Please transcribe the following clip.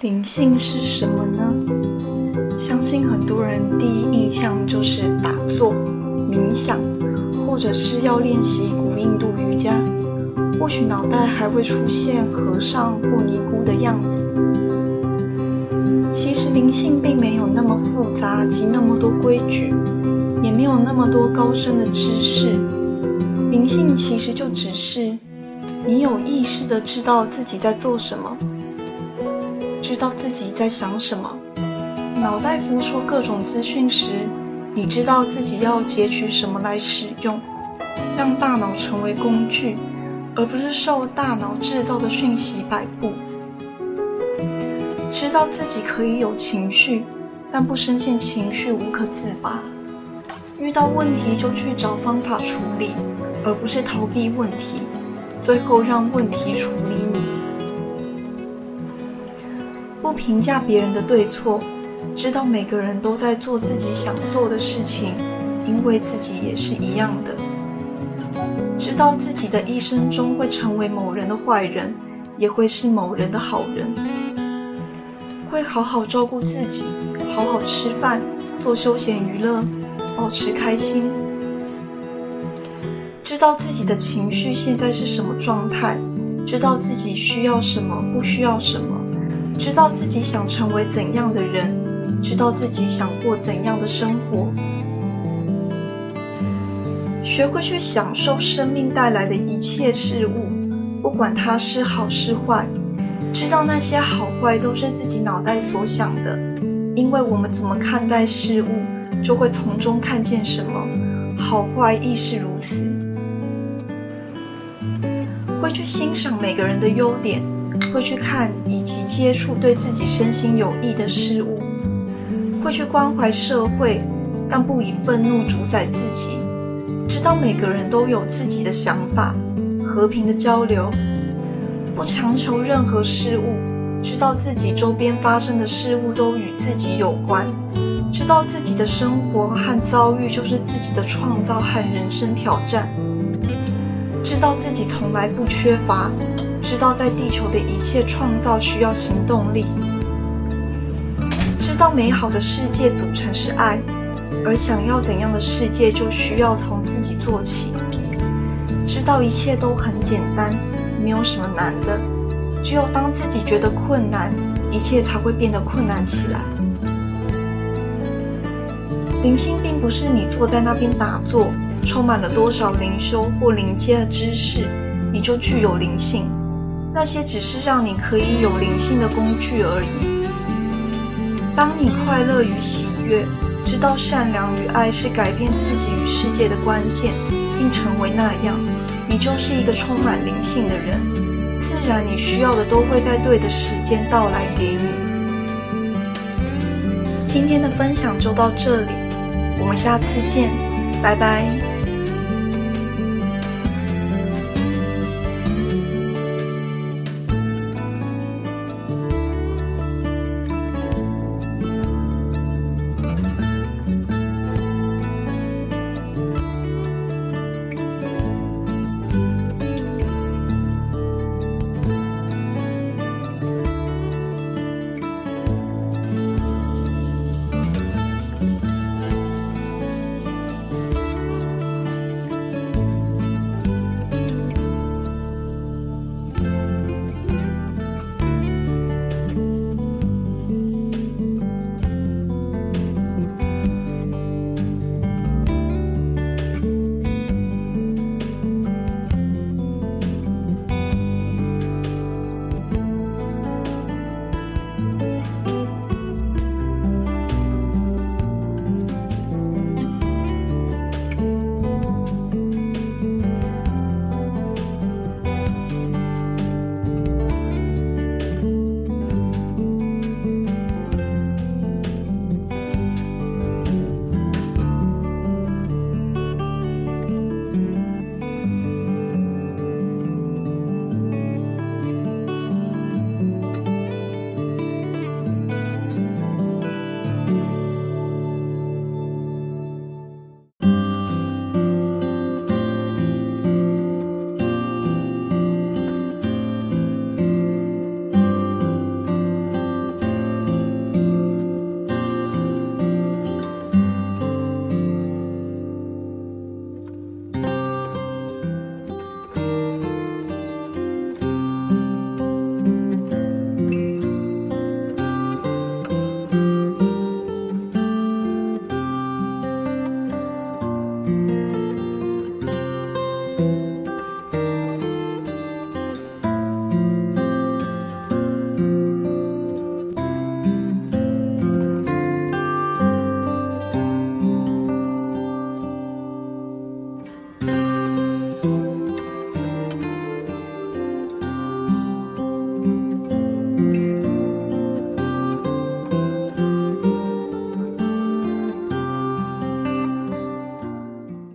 靈性是什麼呢？相信很多人第一印象就是打坐、冥想，或者是要練習古印度瑜伽。或許腦袋還會出現和尚或尼姑的樣子。其實靈性並沒有那麼複雜及那麼多規矩，也沒有那麼多高深的知識。靈性其實就只是你有意識的知道自己在做什麼。知道自己在想什麼，腦袋浮出各種資訊時，你知道自己要截取什麼來使用，讓大腦成為工具，而不是受大腦製造的訊息擺布。知道自己可以有情緒，但不深陷情緒無可自拔。遇到問題就去找方法處理，而不是逃避問題，最後讓問題處理你。不評價別人的對錯，知道每個人都在做自己想做的事情，因為自己也是一樣的。知道自己的一生中會成為某人的壞人，也會是某人的好人。會好好照顧自己，好好吃飯，做休閒娛樂，保持開心。知道自己的情緒現在是什麼狀態，知道自己需要什麼，不需要什麼。知道自己想成為怎樣的人，知道自己想過怎樣的生活，學會去享受生命帶來的一切事物，不管它是好是壞，知道那些好壞都是自己腦袋所想的，因為我們怎麼看待事物，就會從中看見什麼，好壞亦是如此。會去欣賞每個人的優點。會去看以及接觸對自己身心有益的事物，會去關懷社會，但不以憤怒主宰自己。知道每個人都有自己的想法，和平的交流，不強求任何事物。知道自己周邊發生的事物都與自己有關，知道自己的生活和遭遇就是自己的創造和人生挑戰。知道自己從來不缺乏。知道在地球的一切創造需要行動力，知道美好的世界組成是愛，而想要怎樣的世界就需要從自己做起。知道一切都很簡單，沒有什麼難的，只有當自己覺得困難，一切才會變得困難起來。靈性並不是你坐在那邊打坐，充滿了多少靈修或靈界的知識，你就具有靈性。那些只是讓你可以有靈性的工具而已。當你快樂與喜悅，知道善良與愛是改變自己與世界的關鍵，並成為那樣，你就是一個充滿靈性的人。自然，你需要的都會在對的時間到來給你。今天的分享就到這裡，我們下次見，拜拜。